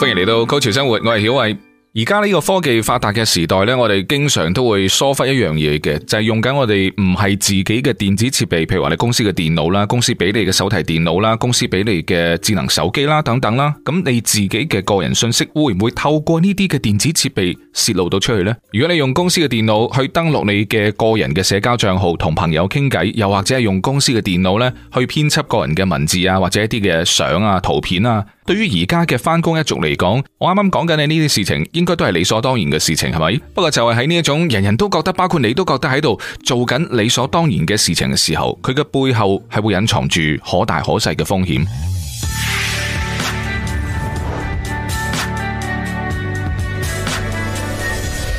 歡迎嚟到高潮生活，我係曉偉。而家呢個科技發達嘅時代呢，我哋經常都會疏忽一樣嘢嘅，就係用緊我哋唔係自己嘅電子設備，譬如話你公司嘅電腦啦，公司俾你嘅手提電腦啦，公司俾你嘅智能手機啦等等啦。咁你自己嘅個人信息會唔會透過呢啲嘅電子設備泄露到出去呢？如果你用公司嘅電腦去登錄你嘅個人嘅社交賬號，同朋友傾偈，又或者係用公司嘅電腦呢去編輯個人嘅文字啊，或者一啲嘅相啊、圖片啊。對於而家嘅返工一族嚟講，我啱啱講緊嘅呢啲事情，應該都係理所當然嘅事情，係咪？不過就係喺呢一種人人都覺得，包括你都覺得喺度做緊理所當然嘅事情嘅時候，佢嘅背後係會隱藏住可大可細嘅風險。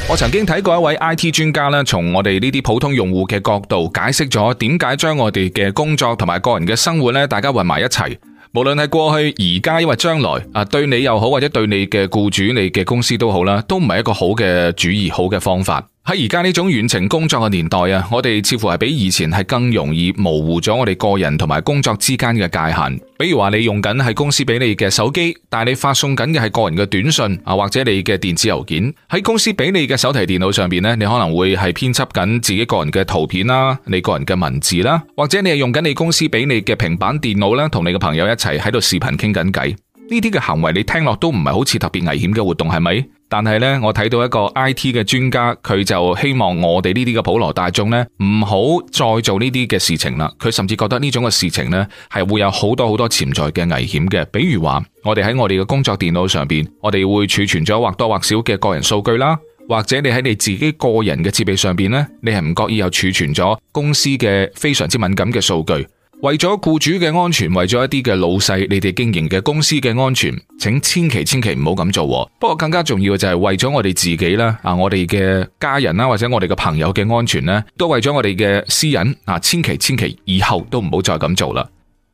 我曾經睇過一位 IT 專家呢，從我哋呢啲普通用戶嘅角度解釋咗點解將我哋嘅工作同埋個人嘅生活呢，大家混埋一齊。無論係過去、而家，亦或將來，啊，對你又好，或者對你嘅雇主、你嘅公司都好啦，都唔係一個好嘅主意，好嘅方法。喺而家呢種遠程工作嘅年代啊，我哋似乎係比以前係更容易模糊咗我哋個人同埋工作之間嘅界限。比如話你用緊係公司俾你嘅手機，但係你發送緊嘅係個人嘅短信啊，或者你嘅電子郵件，喺公司俾你嘅手提電腦上邊呢，你可能會係編輯緊自己個人嘅圖片啦，你個人嘅文字啦，或者你係用緊你公司俾你嘅平板電腦啦，同你嘅朋友一齊喺度視頻傾緊偈。呢啲嘅行為你聽落都唔係好似特別危險嘅活動，係咪？但係呢，我睇到一個 IT 嘅專家，佢就希望我哋呢啲嘅普羅大眾呢，唔好再做呢啲嘅事情啦。佢甚至覺得呢種嘅事情呢，係會有好多好多潛在嘅危險嘅。比如話，我哋喺我哋嘅工作電腦上邊，我哋會儲存咗或多或少嘅個人數據啦，或者你喺你自己個人嘅設備上邊呢，你係唔覺意又儲存咗公司嘅非常之敏感嘅數據。為咗雇主嘅安全，為咗一啲嘅老細，你哋經營嘅公司嘅安全，請千祈千祈唔好咁做。不過更加重要嘅就係為咗我哋自己啦，啊，我哋嘅家人啦，或者我哋嘅朋友嘅安全咧，都為咗我哋嘅私隱啊，千祈千祈以後都唔好再咁做啦。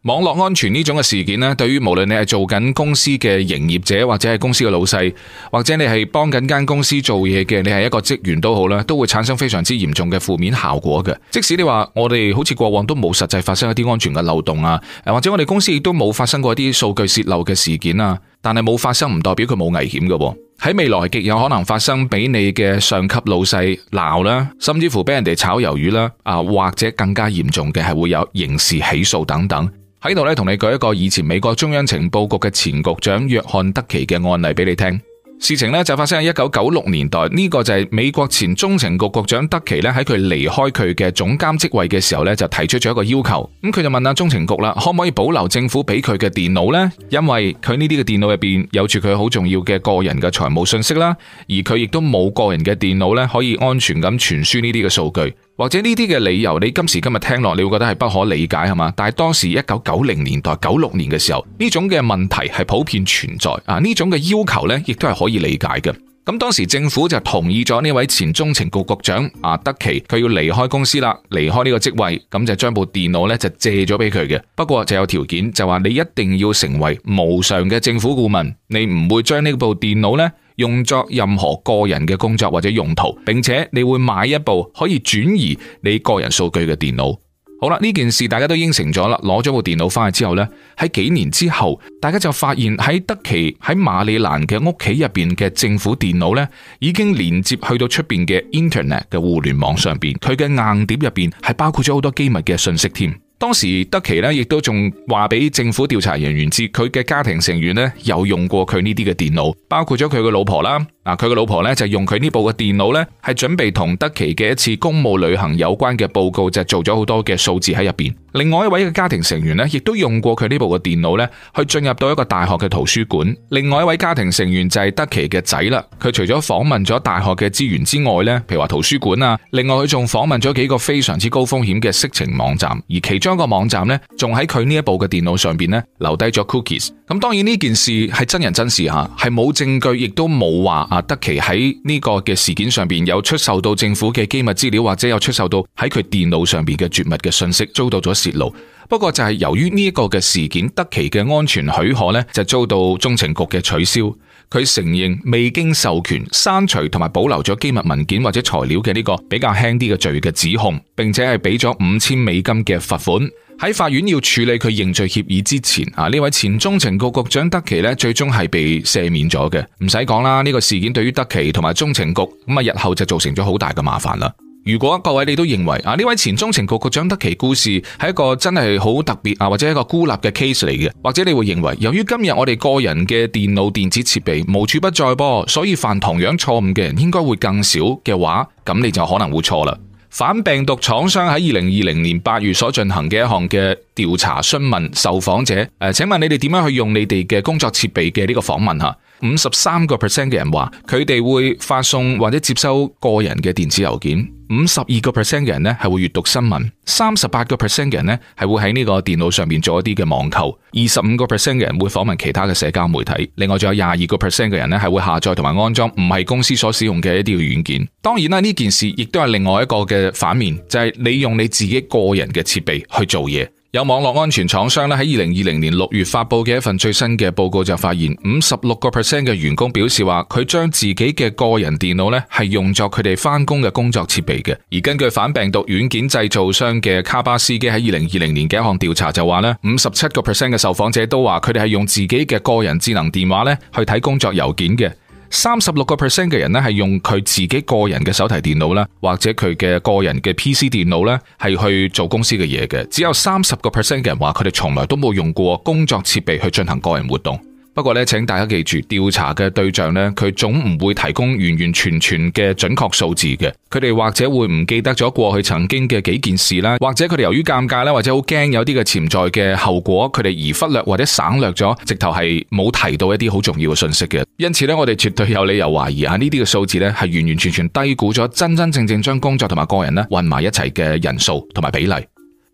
網絡安全呢種嘅事件咧，對於無論你係做緊公司嘅營業者，或者係公司嘅老細，或者你係幫緊間公司做嘢嘅，你係一個職員都好咧，都會產生非常之嚴重嘅負面效果嘅。即使你話我哋好似過往都冇實際發生一啲安全嘅漏洞啊，或者我哋公司亦都冇發生過一啲數據洩漏嘅事件啊，但係冇發生唔代表佢冇危險嘅。喺未來極有可能發生俾你嘅上級老細鬧啦，甚至乎俾人哋炒魷魚啦，啊或者更加嚴重嘅係會有刑事起訴等等。喺度咧，同你舉一個以前美國中央情報局嘅前局長約翰德奇嘅案例俾你聽。事情呢，就發生喺一九九六年代，呢個就係美國前中情局局長德奇呢，喺佢離開佢嘅總監職位嘅時候呢，就提出咗一個要求。咁佢就問阿中情局啦，可唔可以保留政府俾佢嘅電腦呢？因為佢呢啲嘅電腦入邊有住佢好重要嘅個人嘅財務信息啦，而佢亦都冇個人嘅電腦呢，可以安全咁傳輸呢啲嘅數據。或者呢啲嘅理由，你今時今日聽落，你會覺得係不可理解係嘛？但係當時一九九零年代九六年嘅時候，呢種嘅問題係普遍存在啊，呢種嘅要求咧，亦都係可以理解嘅。咁當時政府就同意咗呢位前中情局局長阿德奇，佢要離開公司啦，離開呢個職位，咁就將部電腦呢就借咗俾佢嘅。不過就有條件，就話你一定要成為無償嘅政府顧問，你唔會將呢部電腦呢用作任何個人嘅工作或者用途，並且你會買一部可以轉移你個人數據嘅電腦。好啦，呢件事大家都應承咗啦，攞咗部電腦翻去之後呢，喺幾年之後，大家就發現喺德奇喺馬里蘭嘅屋企入邊嘅政府電腦呢，已經連接去到出邊嘅 internet 嘅互聯網上邊，佢嘅硬碟入邊係包括咗好多機密嘅信息添。當時德奇呢，亦都仲話俾政府調查人員知，佢嘅家庭成員呢，有用過佢呢啲嘅電腦，包括咗佢嘅老婆啦。嗱，佢嘅老婆咧就用佢呢部嘅電腦咧，係準備同德奇嘅一次公務旅行有關嘅報告，就做咗好多嘅數字喺入邊。另外一位嘅家庭成員咧，亦都用過佢呢部嘅電腦咧，去進入到一個大學嘅圖書館。另外一位家庭成員就係德奇嘅仔啦，佢除咗訪問咗大學嘅資源之外咧，譬如話圖書館啊，另外佢仲訪問咗幾個非常之高風險嘅色情網站，而其中一個網站咧，仲喺佢呢一部嘅電腦上邊咧留低咗 cookies。咁當然呢件事係真人真事吓，係冇證據，亦都冇話。德奇喺呢個嘅事件上邊有出售到政府嘅機密資料，或者有出售到喺佢電腦上邊嘅絕密嘅信息，遭到咗泄露。不過就係由於呢一個嘅事件，德奇嘅安全許可呢就遭到中情局嘅取消。佢承認未經授權刪除同埋保留咗機密文件或者材料嘅呢個比較輕啲嘅罪嘅指控，並且係畀咗五千美金嘅罰款。喺法院要處理佢認罪協議之前，啊呢位前中情局局長德奇呢，最終係被赦免咗嘅。唔使講啦，呢個事件對於德奇同埋中情局咁啊日後就造成咗好大嘅麻煩啦。如果各位你都認為啊呢位前中情局局長德奇故事係一個真係好特別啊，或者一個孤立嘅 case 嚟嘅，或者你會認為由於今日我哋個人嘅電腦電子設備無處不在噃，所以犯同樣錯誤嘅人應該會更少嘅話，咁你就可能會錯啦。反病毒廠商喺二零二零年八月所進行嘅一項嘅調查，詢問受訪者誒、呃，請問你哋點樣去用你哋嘅工作設備嘅呢個訪問吓？五十三個 percent 嘅人話佢哋會發送或者接收個人嘅電子郵件。五十二個 percent 嘅人咧係會閱讀新聞，三十八個 percent 嘅人咧係會喺呢個電腦上面做一啲嘅網購，二十五個 percent 嘅人會訪問其他嘅社交媒體，另外仲有廿二個 percent 嘅人咧係會下載同埋安裝唔係公司所使用嘅一啲嘅軟件。當然啦，呢件事亦都係另外一個嘅反面，就係、是、你用你自己個人嘅設備去做嘢。有網絡安全廠商咧喺二零二零年六月發布嘅一份最新嘅報告就發現，五十六個 percent 嘅員工表示話佢將自己嘅個人電腦咧係用作佢哋返工嘅工作設備嘅。而根據反病毒軟件製造商嘅卡巴斯基喺二零二零年嘅一項調查就話咧，五十七個 percent 嘅受訪者都話佢哋係用自己嘅個人智能電話咧去睇工作郵件嘅。三十六個 percent 嘅人咧，係用佢自己個人嘅手提電腦啦，或者佢嘅個人嘅 PC 電腦咧，係去做公司嘅嘢嘅。只有三十個 percent 嘅人話，佢哋從來都冇用過工作設備去進行個人活動。不過呢，請大家記住，調查嘅對象呢，佢總唔會提供完完全全嘅準確數字嘅。佢哋或者會唔記得咗過去曾經嘅幾件事啦，或者佢哋由於尷尬啦，或者好驚有啲嘅潛在嘅後果，佢哋而忽略或者省略咗，直頭係冇提到一啲好重要嘅信息嘅。因此呢，我哋絕對有理由懷疑啊，呢啲嘅數字呢，係完完全全低估咗真真正正將工作同埋個人呢混埋一齊嘅人數同埋比例。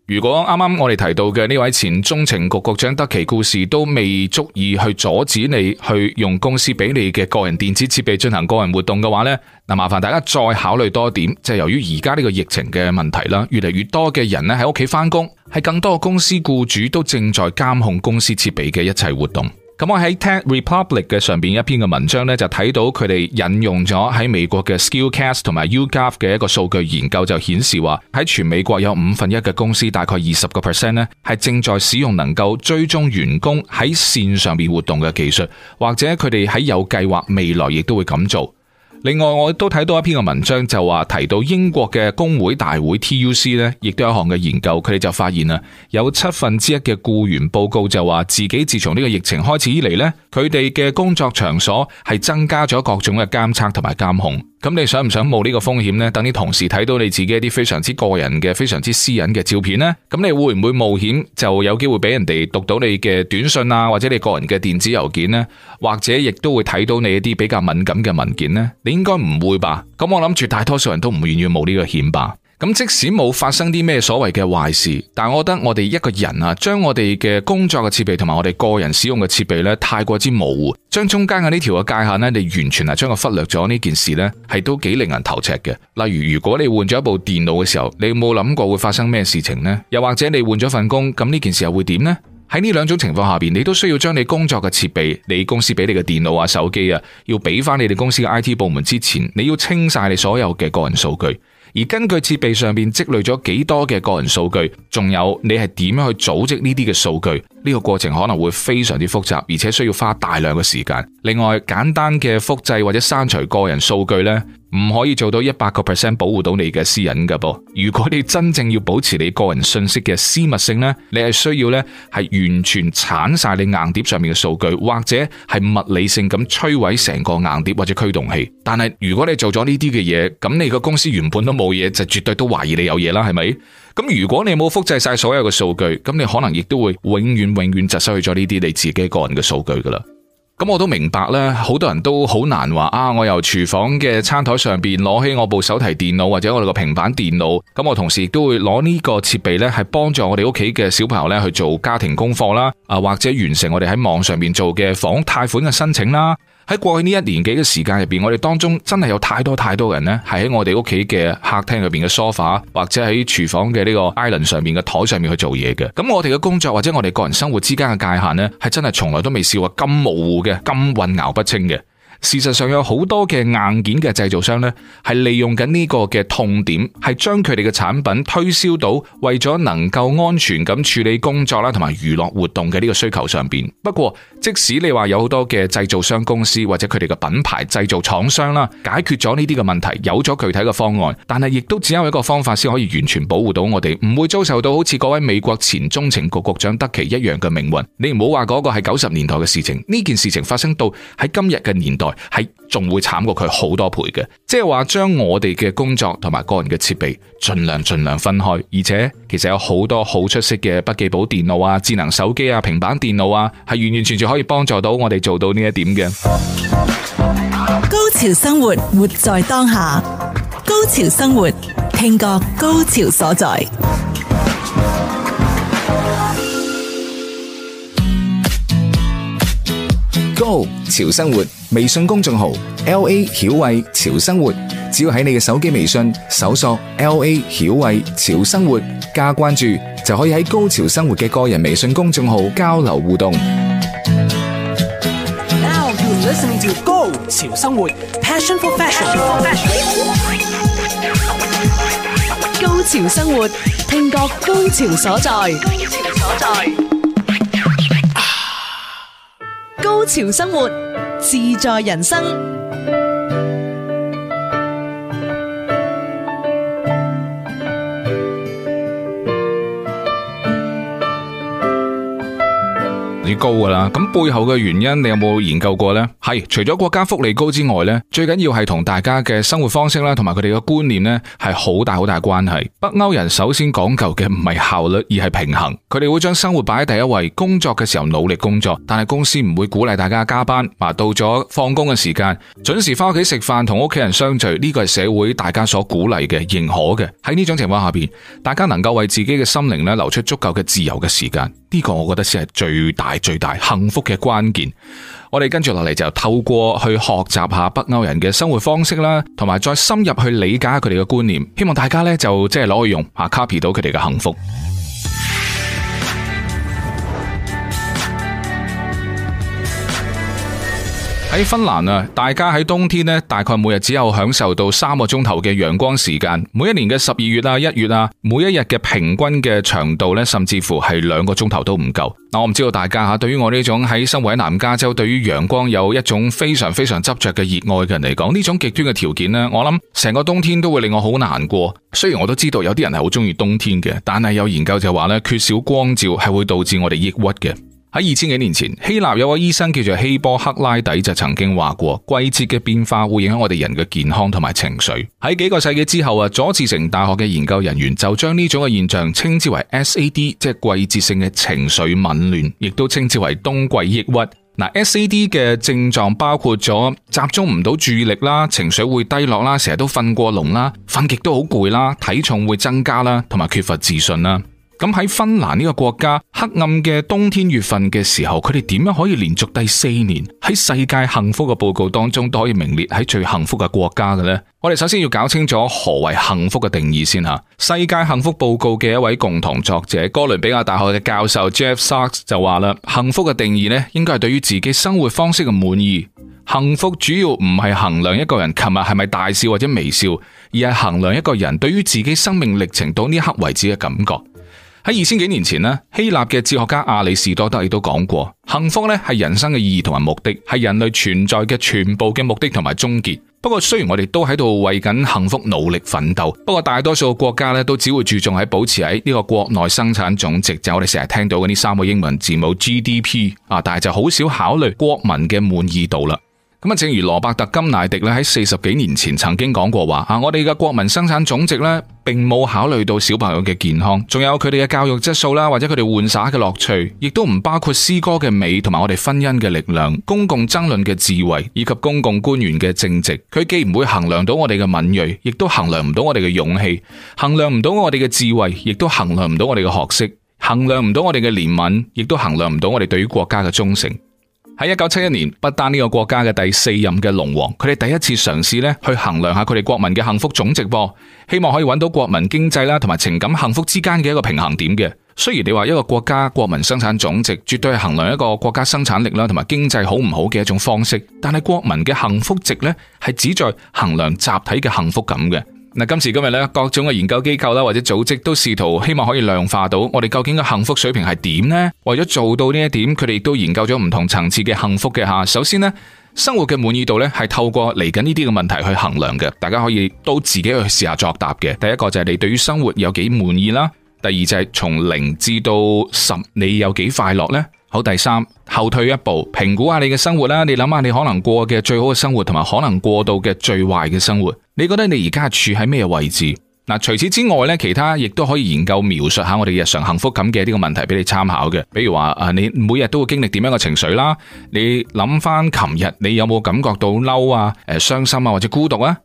如果啱啱我哋提到嘅呢位前中情局局長德奇故事都未足以去阻止你去用公司俾你嘅個人電子設備進行個人活動嘅話呢，嗱，麻煩大家再考慮多點，即係由於而家呢個疫情嘅問題啦，越嚟越多嘅人咧喺屋企翻工，係更多公司雇主都正在監控公司設備嘅一切活動。咁我喺 Tech Republic 嘅上邊一篇嘅文章咧，就睇到佢哋引用咗喺美國嘅 Skillcast 同埋 UGov 嘅一個數據研究，就顯示話喺全美國有五分一嘅公司，大概二十個 percent 咧，係正在使用能夠追蹤員工喺線上邊活動嘅技術，或者佢哋喺有計劃未來亦都會咁做。另外，我都睇到一篇嘅文章就，就話提到英國嘅工會大會 TUC 呢亦都有一項嘅研究，佢哋就發現啊，有七分之一嘅雇員報告就話，自己自從呢個疫情開始以嚟咧，佢哋嘅工作場所係增加咗各種嘅監測同埋監控。咁你想唔想冒呢個風險呢？等啲同事睇到你自己一啲非常之個人嘅、非常之私隱嘅照片呢，咁你會唔會冒險就有機會俾人哋讀到你嘅短信啊，或者你個人嘅電子郵件呢，或者亦都會睇到你一啲比較敏感嘅文件呢？應該唔會吧？咁我諗住大多數人都唔願意冒呢個險吧。咁即使冇發生啲咩所謂嘅壞事，但係我覺得我哋一個人啊，將我哋嘅工作嘅設備同埋我哋個人使用嘅設備咧，太過之模糊，將中間嘅呢條嘅界限咧，你完全係將佢忽略咗呢件事咧，係都幾令人頭赤嘅。例如，如果你換咗一部電腦嘅時候，你有冇諗過會發生咩事情呢？又或者你換咗份工，咁呢件事又會點呢？喺呢兩種情況下邊，你都需要將你工作嘅設備、你公司俾你嘅電腦啊、手機啊，要俾翻你哋公司嘅 IT 部門之前，你要清晒你所有嘅個人數據。而根據設備上邊積累咗幾多嘅個人數據，仲有你係點樣去組織呢啲嘅數據？呢個過程可能會非常之複雜，而且需要花大量嘅時間。另外，簡單嘅複製或者刪除個人數據呢。唔可以做到一百個 percent 保護到你嘅私隱噶噃。如果你真正要保持你個人信息嘅私密性呢，你係需要呢，係完全鏟晒你硬碟上面嘅數據，或者係物理性咁摧毀成個硬碟或者驅動器。但係如果你做咗呢啲嘅嘢，咁你個公司原本都冇嘢，就絕對都懷疑你有嘢啦，係咪？咁如果你冇複製晒所有嘅數據，咁你可能亦都會永遠永遠就失去咗呢啲你自己個人嘅數據噶啦。咁我都明白咧，好多人都好難話啊，我由廚房嘅餐台上邊攞起我部手提電腦或者我哋個平板電腦，咁我同時亦都會攞呢個設備咧，係幫助我哋屋企嘅小朋友咧去做家庭功課啦，啊或者完成我哋喺網上邊做嘅房貸款嘅申請啦。喺過去呢一年幾嘅時間入面，我哋當中真係有太多太多人呢，係喺我哋屋企嘅客廳入面嘅梳化，或者喺廚房嘅呢個 island 上面嘅台上面去做嘢嘅。咁我哋嘅工作，們工作或者我哋個人生活之間嘅界限呢，係真係從來都未試過咁模糊嘅，咁混淆不清嘅。事實上有好多嘅硬件嘅製造商呢係利用緊呢個嘅痛點，係將佢哋嘅產品推銷到為咗能夠安全咁處理工作啦，同埋娛樂活動嘅呢個需求上邊。不過，即使你話有好多嘅製造商公司或者佢哋嘅品牌製造廠商啦，解決咗呢啲嘅問題，有咗具體嘅方案，但係亦都只有一個方法先可以完全保護到我哋，唔會遭受到好似嗰位美國前中情局局長德奇一樣嘅命運。你唔好話嗰個係九十年代嘅事情，呢件事情發生到喺今日嘅年代。係仲會慘過佢好多倍嘅，即係話將我哋嘅工作同埋個人嘅設備盡量盡量分開，而且其實有好多好出色嘅筆記簿電腦啊、智能手機啊、平板電腦啊，係完完全全可以幫助到我哋做到呢一點嘅。高潮生活，活在當下；高潮生活，聽覺高潮所在。高潮生活微信公眾號 L A 曉慧潮生活，只要喺你嘅手機微信搜索 L A 曉慧潮生活加關注，就可以喺高潮生活嘅個人微信公眾號交流互動。Now you listening to 高潮生活，passion for fashion。Go, fashion. 高潮生活，聽覺高潮所在。高潮所在高潮生活，自在人生。高噶啦，咁、嗯、背後嘅原因，你有冇研究過咧？係除咗國家福利高之外咧，最緊要係同大家嘅生活方式啦，同埋佢哋嘅觀念呢，係好大好大關係。北歐人首先講究嘅唔係效率，而係平衡。佢哋會將生活擺喺第一位，工作嘅時候努力工作，但係公司唔會鼓勵大家加班。嗱，到咗放工嘅時間，準時翻屋企食飯，同屋企人相聚，呢個係社會大家所鼓勵嘅、認可嘅。喺呢種情況下邊，大家能夠為自己嘅心靈呢，留出足夠嘅自由嘅時間。呢個我覺得先係最大最大幸福嘅關鍵。我哋跟住落嚟就透過去學習下北歐人嘅生活方式啦，同埋再深入去理解佢哋嘅觀念。希望大家呢，就即係攞去用吓，copy 到佢哋嘅幸福。喺芬蘭啊，大家喺冬天呢，大概每日只有享受到三個鐘頭嘅陽光時間。每一年嘅十二月啊、一月啊，每一日嘅平均嘅長度呢，甚至乎係兩個鐘頭都唔夠。我唔知道大家吓，對於我呢種喺生活喺南加州，對於陽光有一種非常非常執着嘅熱愛嘅人嚟講，呢種極端嘅條件呢，我諗成個冬天都會令我好難過。雖然我都知道有啲人係好中意冬天嘅，但係有研究就話呢，缺少光照係會導致我哋抑鬱嘅。喺二千幾年前，希臘有位醫生叫做希波克拉底就曾經話過，季節嘅變化會影響我哋人嘅健康同埋情緒。喺幾個世紀之後啊，佐治城大學嘅研究人員就將呢種嘅現象稱之為 SAD，即係季節性嘅情緒紊亂，亦都稱之為冬季抑鬱。嗱，SAD 嘅症狀包括咗集中唔到注意力啦，情緒會低落啦，成日都瞓過籠啦，瞓極都好攰啦，體重會增加啦，同埋缺乏自信啦。咁喺芬蘭呢個國家黑暗嘅冬天月份嘅時候，佢哋點樣可以連續第四年喺世界幸福嘅報告當中都可以名列喺最幸福嘅國家嘅呢？我哋首先要搞清楚何為幸福嘅定義先吓。世界幸福報告嘅一位共同作者，哥倫比亞大學嘅教授 Jeff Sachs 就話啦：幸福嘅定義咧，應該係對於自己生活方式嘅滿意。幸福主要唔係衡量一個人琴日係咪大笑或者微笑，而係衡量一個人對於自己生命歷程到呢一刻為止嘅感覺。喺二千幾年前咧，希臘嘅哲學家阿里士多德亦都講過，幸福咧係人生嘅意義同埋目的，係人類存在嘅全部嘅目的同埋終結。不過雖然我哋都喺度為緊幸福努力奮鬥，不過大多數嘅國家咧都只會注重喺保持喺呢個國內生產總值，就是，我哋成日聽到嘅呢三個英文字母 GDP，但係就好少考慮國民嘅滿意度啦。咁啊，正如羅伯特·甘迺迪咧喺四十幾年前曾經講過話，啊我哋嘅國民生產總值咧，並冇考慮到小朋友嘅健康，仲有佢哋嘅教育質素啦，或者佢哋玩耍嘅樂趣，亦都唔包括詩歌嘅美，同埋我哋婚姻嘅力量、公共爭論嘅智慧，以及公共官員嘅正直。佢既唔會衡量到我哋嘅敏銳，亦都衡量唔到我哋嘅勇氣，衡量唔到我哋嘅智慧，亦都衡量唔到我哋嘅學識，衡量唔到我哋嘅憐憫，亦都衡量唔到我哋對於國家嘅忠誠。喺一九七一年，不丹呢個國家嘅第四任嘅龍王，佢哋第一次嘗試咧去衡量下佢哋國民嘅幸福總值噃，希望可以揾到國民經濟啦同埋情感幸福之間嘅一個平衡點嘅。雖然你話一個國家國民生產總值絕對係衡量一個國家生產力啦同埋經濟好唔好嘅一種方式，但係國民嘅幸福值呢，係指在衡量集體嘅幸福感嘅。嗱，今時今日咧，各種嘅研究機構啦，或者組織都試圖希望可以量化到我哋究竟嘅幸福水平係點呢？為咗做到呢一點，佢哋都研究咗唔同層次嘅幸福嘅吓。首先呢，生活嘅滿意度咧係透過嚟緊呢啲嘅問題去衡量嘅，大家可以都自己去試下作答嘅。第一個就係你對於生活有幾滿意啦，第二就係從零至到十，你有幾快樂呢？好，第三，後退一步，評估下你嘅生活啦。你諗下你可能過嘅最好嘅生活，同埋可能過到嘅最壞嘅生活。你覺得你而家處喺咩位置？嗱，除此之外呢，其他亦都可以研究描述下我哋日常幸福感嘅呢個問題俾你參考嘅。比如話，誒，你每日都會經歷點樣嘅情緒啦？你諗翻琴日，你有冇感覺到嬲啊？誒，傷心啊，或者孤獨啊？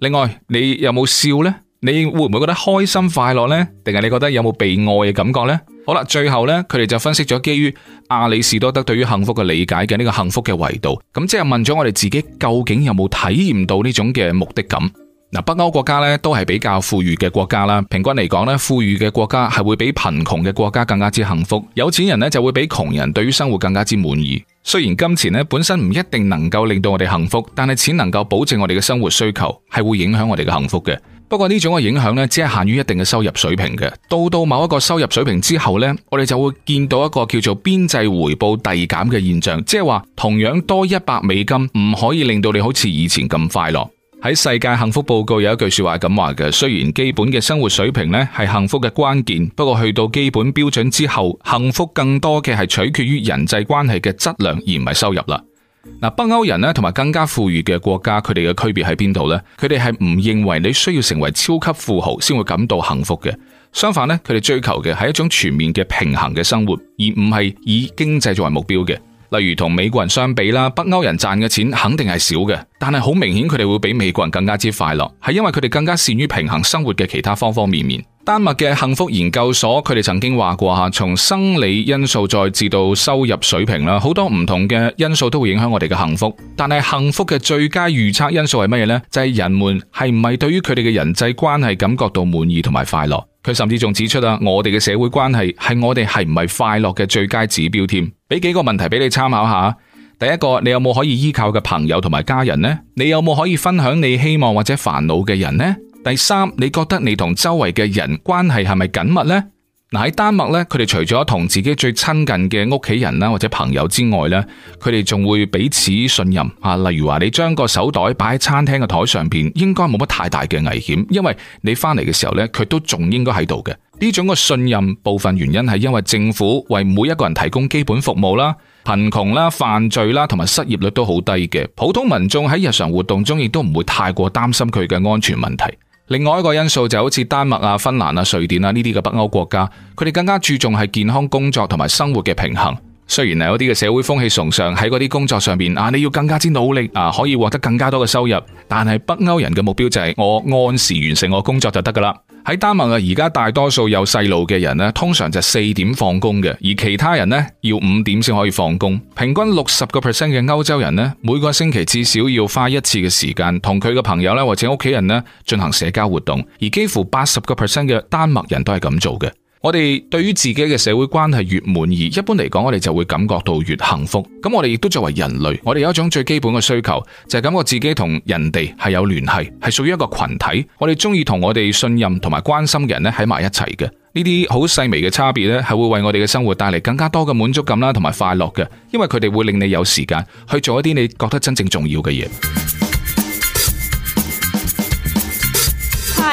另外，你有冇笑呢？你會唔會覺得開心快樂呢？定係你覺得有冇被愛嘅感覺呢？好啦，最後呢，佢哋就分析咗基於阿里士多德對於幸福嘅理解嘅呢個幸福嘅維度。咁即係問咗我哋自己究竟有冇體驗到呢種嘅目的感？嗱，北歐國家呢，都係比較富裕嘅國家啦。平均嚟講呢，富裕嘅國家係會比貧窮嘅國家更加之幸福。有錢人呢就會比窮人對於生活更加之滿意。雖然金錢呢本身唔一定能夠令到我哋幸福，但係錢能夠保證我哋嘅生活需求，係會影響我哋嘅幸福嘅。不過呢種嘅影響咧，只係限於一定嘅收入水平嘅。到到某一個收入水平之後，呢我哋就會見到一個叫做邊際回報遞減嘅現象，即係話同樣多一百美金唔可以令到你好似以前咁快樂。喺世界幸福報告有一句說話係咁話嘅，雖然基本嘅生活水平咧係幸福嘅關鍵，不過去到基本標準之後，幸福更多嘅係取決於人際關係嘅質量而唔係收入啦。嗱，北歐人咧，同埋更加富裕嘅國家，佢哋嘅區別喺邊度呢？佢哋係唔認為你需要成為超級富豪先會感到幸福嘅，相反咧，佢哋追求嘅係一種全面嘅平衡嘅生活，而唔係以經濟作為目標嘅。例如同美國人相比啦，北歐人賺嘅錢肯定係少嘅，但係好明顯佢哋會比美國人更加之快樂，係因為佢哋更加善於平衡生活嘅其他方方面面。丹麥嘅幸福研究所，佢哋曾經話過吓，從生理因素再至到收入水平啦，好多唔同嘅因素都會影響我哋嘅幸福。但係幸福嘅最佳預測因素係乜嘢咧？就係、是、人們係唔係對於佢哋嘅人際關係感覺到滿意同埋快樂。佢甚至仲指出啊，我哋嘅社會關係係我哋係唔係快樂嘅最佳指標添。俾幾個問題俾你參考下。第一個，你有冇可以依靠嘅朋友同埋家人咧？你有冇可以分享你希望或者煩惱嘅人咧？第三，你覺得你同周圍嘅人關係係咪緊密呢？嗱，喺丹麥咧，佢哋除咗同自己最親近嘅屋企人啦、或者朋友之外咧，佢哋仲會彼此信任啊。例如話，你將個手袋擺喺餐廳嘅台上邊，應該冇乜太大嘅危險，因為你翻嚟嘅時候咧，佢都仲應該喺度嘅。呢種嘅信任部分原因係因為政府為每一個人提供基本服務啦，貧窮啦、犯罪啦同埋失業率都好低嘅，普通民眾喺日常活動中亦都唔會太過擔心佢嘅安全問題。另外一個因素就好似丹麥啊、芬蘭啊、瑞典啊呢啲嘅北歐國家，佢哋更加注重係健康工作同埋生活嘅平衡。雖然係嗰啲嘅社會風氣崇尚喺嗰啲工作上邊啊，你要更加之努力啊，可以獲得更加多嘅收入。但係北歐人嘅目標就係、是、我按時完成我工作就得噶啦。喺 丹麥啊，而家大多數有細路嘅人咧，通常就四點放工嘅，而其他人呢要五點先可以放工。平均六十個 percent 嘅歐洲人呢，每個星期至少要花一次嘅時間同佢嘅朋友咧或者屋企人咧進行社交活動，而幾乎八十個 percent 嘅丹麥人都係咁做嘅。我哋對於自己嘅社會關係越滿意，一般嚟講，我哋就會感覺到越幸福。咁我哋亦都作為人類，我哋有一種最基本嘅需求，就係感覺自己同人哋係有聯繫，係屬於一個群體。我哋中意同我哋信任同埋關心嘅人咧喺埋一齊嘅。呢啲好細微嘅差別咧，係會為我哋嘅生活帶嚟更加多嘅滿足感啦，同埋快樂嘅。因為佢哋會令你有時間去做一啲你覺得真正重要嘅嘢。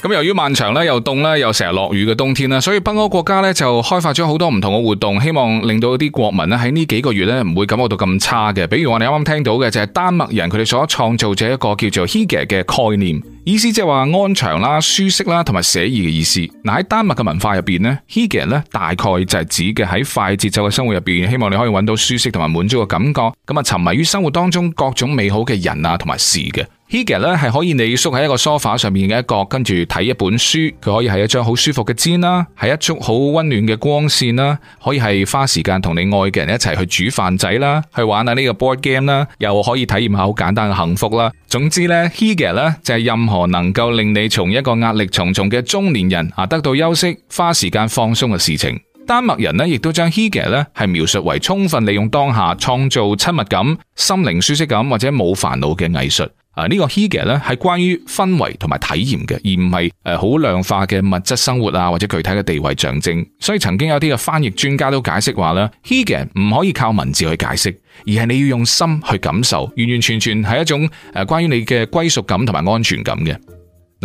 咁由於漫長咧、又凍咧、又成日落雨嘅冬天啦，所以北歐國家咧就開發咗好多唔同嘅活動，希望令到啲國民咧喺呢幾個月咧唔會感覺到咁差嘅。比如我哋啱啱聽到嘅就係丹麥人佢哋所創造嘅一個叫做 Hig 嘅概念，意思即係話安詳啦、舒適啦同埋寫意嘅意思。嗱，喺丹麥嘅文化入邊咧，Hig 咧大概就係指嘅喺快節奏嘅生活入邊，希望你可以揾到舒適同埋滿足嘅感覺，咁啊沉迷於生活當中各種美好嘅人啊同埋事嘅。Heger 咧係可以，你縮喺一個梳化上面嘅一角，跟住睇一本書。佢可以係一張好舒服嘅氈啦，係一束好溫暖嘅光綫啦，可以係花時間同你愛嘅人一齊去煮飯仔啦，去玩下呢個 board game 啦，又可以體驗下好簡單嘅幸福啦。總之呢，Heger 呢就係任何能夠令你從一個壓力重重嘅中年人啊得到休息、花時間放鬆嘅事情。丹麥人呢亦都將 Heger 呢係描述為充分利用當下、創造親密感、心靈舒適感或者冇煩惱嘅藝術。啊！呢個 Hege 咧，係關於氛圍同埋體驗嘅，而唔係誒好量化嘅物質生活啊，或者具體嘅地位象徵。所以曾經有啲嘅翻譯專家都解釋話啦，Hege 唔可以靠文字去解釋，而係你要用心去感受，完完全全係一種誒關於你嘅歸屬感同埋安全感嘅。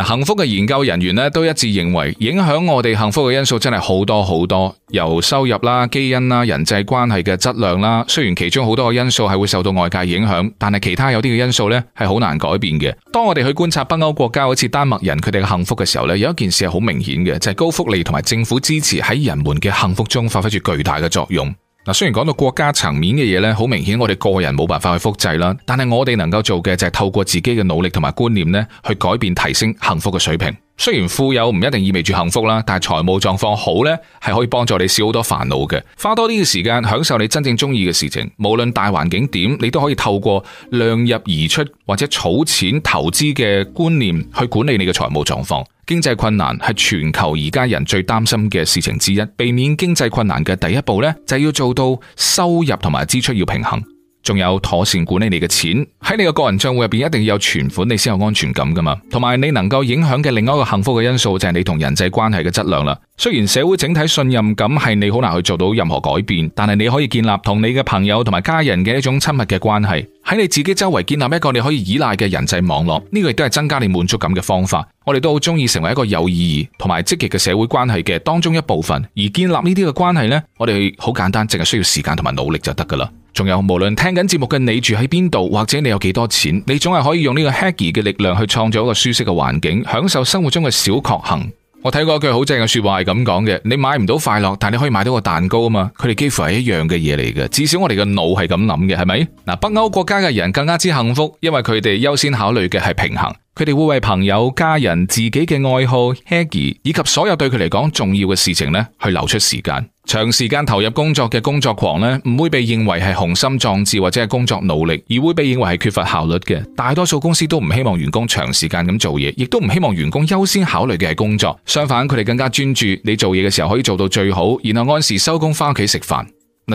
幸福嘅研究人員呢，都一致認為，影響我哋幸福嘅因素真係好多好多，由收入啦、基因啦、人際關係嘅質量啦。雖然其中好多嘅因素係會受到外界影響，但係其他有啲嘅因素呢，係好難改變嘅。當我哋去觀察北歐國家，好似丹麥人佢哋嘅幸福嘅時候呢，有一件事係好明顯嘅，就係高福利同埋政府支持喺人們嘅幸福中發揮住巨大嘅作用。嗱，雖然講到國家層面嘅嘢咧，好明顯我哋個人冇辦法去複製啦，但係我哋能夠做嘅就係透過自己嘅努力同埋觀念咧，去改變提升幸福嘅水平。雖然富有唔一定意味住幸福啦，但係財務狀況好呢，係可以幫助你少好多煩惱嘅。花多啲嘅時間享受你真正中意嘅事情，無論大環境點，你都可以透過量入而出，或者儲錢投資嘅觀念去管理你嘅財務狀況。經濟困難係全球而家人最擔心嘅事情之一，避免經濟困難嘅第一步呢，就係要做到收入同埋支出要平衡。仲有妥善管理你嘅錢喺你嘅個人賬戶入邊，一定要有存款，你先有安全感噶嘛。同埋，你能夠影響嘅另外一個幸福嘅因素就係你同人際關係嘅質量啦。雖然社會整體信任感係你好難去做到任何改變，但係你可以建立同你嘅朋友同埋家人嘅一種親密嘅關係，喺你自己周圍建立一個你可以依賴嘅人際網絡，呢個亦都係增加你滿足感嘅方法。我哋都好中意成為一個有意義同埋積極嘅社會關係嘅當中一部分，而建立呢啲嘅關係呢，我哋好簡單，淨係需要時間同埋努力就得噶啦。仲有，無論聽緊節目嘅你住喺邊度，或者你有幾多錢，你總係可以用呢個 Hygge 嘅力量去創造一個舒適嘅環境，享受生活中嘅小確幸。我睇過一句好正嘅說話，係咁講嘅：你買唔到快樂，但係你可以買到個蛋糕啊嘛。佢哋幾乎係一樣嘅嘢嚟嘅，至少我哋嘅腦係咁諗嘅，係咪？嗱，北歐國家嘅人更加之幸福，因為佢哋優先考慮嘅係平衡，佢哋會為朋友、家人、自己嘅愛好、Hygge，以及所有對佢嚟講重要嘅事情咧，去留出時間。長時間投入工作嘅工作狂呢，唔會被認為係雄心壯志或者係工作努力，而會被認為係缺乏效率嘅。大多數公司都唔希望員工長時間咁做嘢，亦都唔希望員工優先考慮嘅係工作。相反，佢哋更加專注，你做嘢嘅時候可以做到最好，然後按時收工返屋企食飯。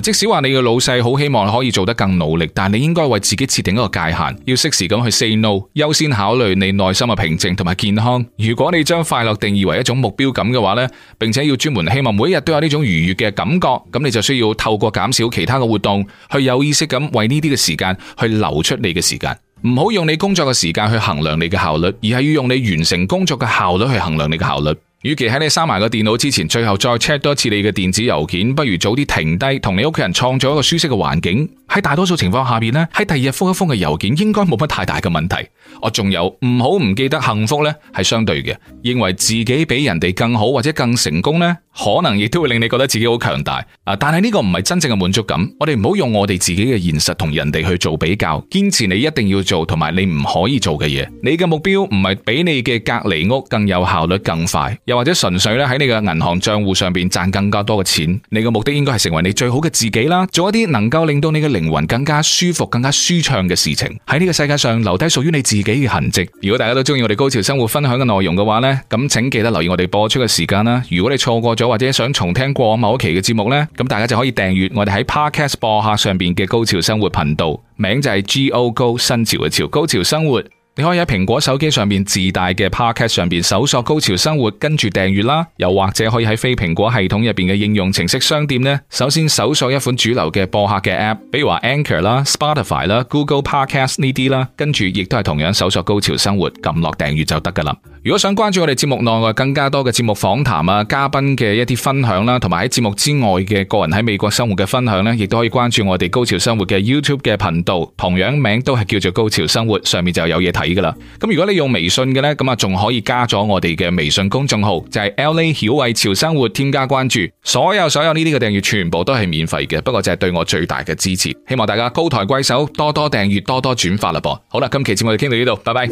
即使話你嘅老細好希望可以做得更努力，但你應該為自己設定一個界限，要適時咁去 say no，優先考慮你內心嘅平靜同埋健康。如果你將快樂定義為一種目標感嘅話呢，並且要專門希望每一日都有呢種愉悅嘅感覺，咁你就需要透過減少其他嘅活動，去有意識咁為呢啲嘅時間去留出你嘅時間，唔好用你工作嘅時間去衡量你嘅效率，而係要用你完成工作嘅效率去衡量你嘅效率。與其喺你閂埋個電腦之前，最後再 check 多一次你嘅電子郵件，不如早啲停低，同你屋企人創造一個舒適嘅環境。喺大多數情況下面呢，喺第二天覆一封嘅郵件應該冇乜太大嘅問題。我仲有唔好唔記得幸福呢係相對嘅，認為自己比人哋更好或者更成功呢。可能亦都會令你覺得自己好強大啊！但係呢個唔係真正嘅滿足感。我哋唔好用我哋自己嘅現實同人哋去做比較。堅持你一定要做同埋你唔可以做嘅嘢。你嘅目標唔係比你嘅隔離屋更有效率、更快，又或者純粹咧喺你嘅銀行賬戶上邊賺更加多嘅錢。你嘅目的應該係成為你最好嘅自己啦，做一啲能夠令到你嘅靈魂更加舒服、更加舒暢嘅事情。喺呢個世界上留低屬於你自己嘅痕跡。如果大家都中意我哋高潮生活分享嘅內容嘅話呢，咁請記得留意我哋播出嘅時間啦。如果你錯過咗，或者想重聽過某一期嘅節目呢，咁大家就可以訂閱我哋喺 Podcast 播客上邊嘅高潮生活頻道，名就係 Go Go 新潮嘅潮高潮生活。你可以喺蘋果手機上面自帶嘅 Podcast 上面搜索高潮生活，跟住訂閱啦。又或者可以喺非蘋果系統入邊嘅應用程式商店呢，首先搜索一款主流嘅播客嘅 App，比如話 Anchor 啦、Spotify 啦、Google Podcast 呢啲啦，跟住亦都係同樣搜索高潮生活，撳落訂閱就得噶啦。如果想關注我哋節目內外更加多嘅節目訪談啊、嘉賓嘅一啲分享啦，同埋喺節目之外嘅個人喺美國生活嘅分享呢，亦都可以關注我哋高潮生活嘅 YouTube 嘅頻道，同樣名都係叫做高潮生活，上面就有嘢睇。嘅啦，咁如果你用微信嘅呢，咁啊仲可以加咗我哋嘅微信公眾號，就係 LA 曉偉潮生活，添加關注，所有所有呢啲嘅訂閱全部都係免費嘅，不過就係對我最大嘅支持，希望大家高抬貴手，多多訂閱，多多轉發啦噃。好啦，今期節目我哋傾到呢度，拜拜。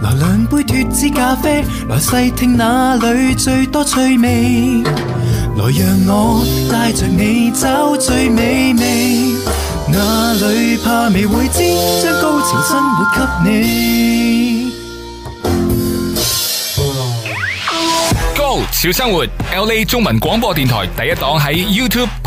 來兩杯脫脂咖啡，來細聽，哪裏最多趣味，來讓我帶着你走最美味。哪裏怕未會知，將高潮生活給你。Go 小生活，LA 中文廣播電台第一檔喺 YouTube。